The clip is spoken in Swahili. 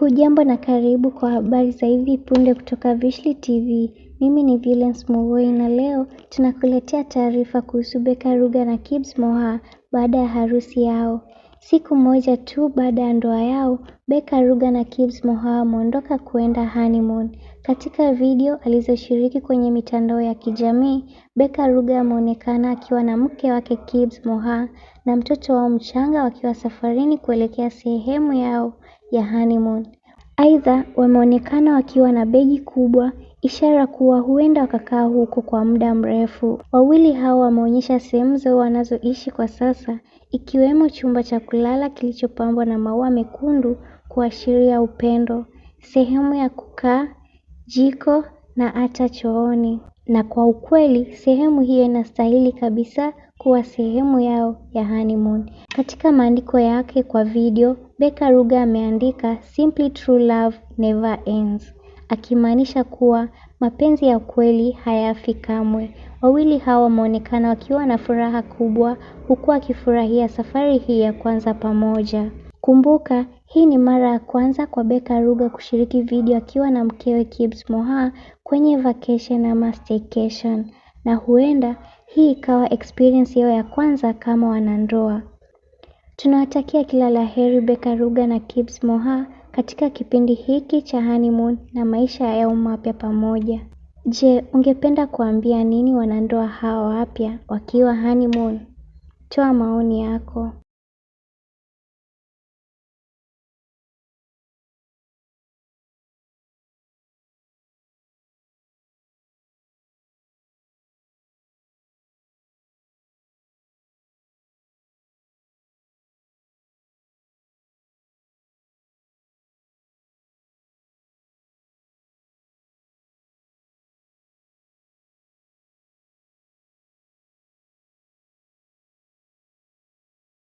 Hujambo na karibu kwa habari za hivi punde kutoka Vishli TV. Mimi ni Villains Mugoi na leo tunakuletea taarifa kuhusu Beka Ruga na Kibz Moha baada ya harusi yao. Siku moja tu baada ya ndoa yao, Beka Ruga na Kibs Moha wameondoka kuenda honeymoon. Katika video alizoshiriki kwenye mitandao ya kijamii, Beka Ruga ameonekana akiwa na mke wake Kibs Moha na mtoto wao mchanga wakiwa safarini kuelekea sehemu yao ya honeymoon. Aidha, wameonekana wakiwa na begi kubwa ishara kuwa huenda wakakaa huko kwa muda mrefu. Wawili hao wameonyesha sehemu zao wanazoishi kwa sasa, ikiwemo chumba cha kulala kilichopambwa na maua mekundu kuashiria upendo, sehemu ya kukaa, jiko na hata chooni. Na kwa ukweli sehemu hiyo inastahili kabisa kuwa sehemu yao ya honeymoon Katika maandiko yake kwa video, Beka Ruga ameandika, Simply True Love Never Ends akimaanisha kuwa mapenzi ya kweli hayafi kamwe. Wawili hawa wameonekana wakiwa na furaha kubwa huku wakifurahia safari hii ya kwanza pamoja. Kumbuka, hii ni mara ya kwanza kwa Beka Ruga kushiriki video akiwa na mkewe Kibs Moha kwenye vacation ama staycation, na huenda hii ikawa experience yao ya kwanza kama wanandoa. Tunawatakia kila la heri Beka Ruga na Kibs Moha katika kipindi hiki cha honeymoon na maisha yao mapya pamoja. Je, ungependa kuambia nini wanandoa hawa wapya wakiwa honeymoon? Toa maoni yako.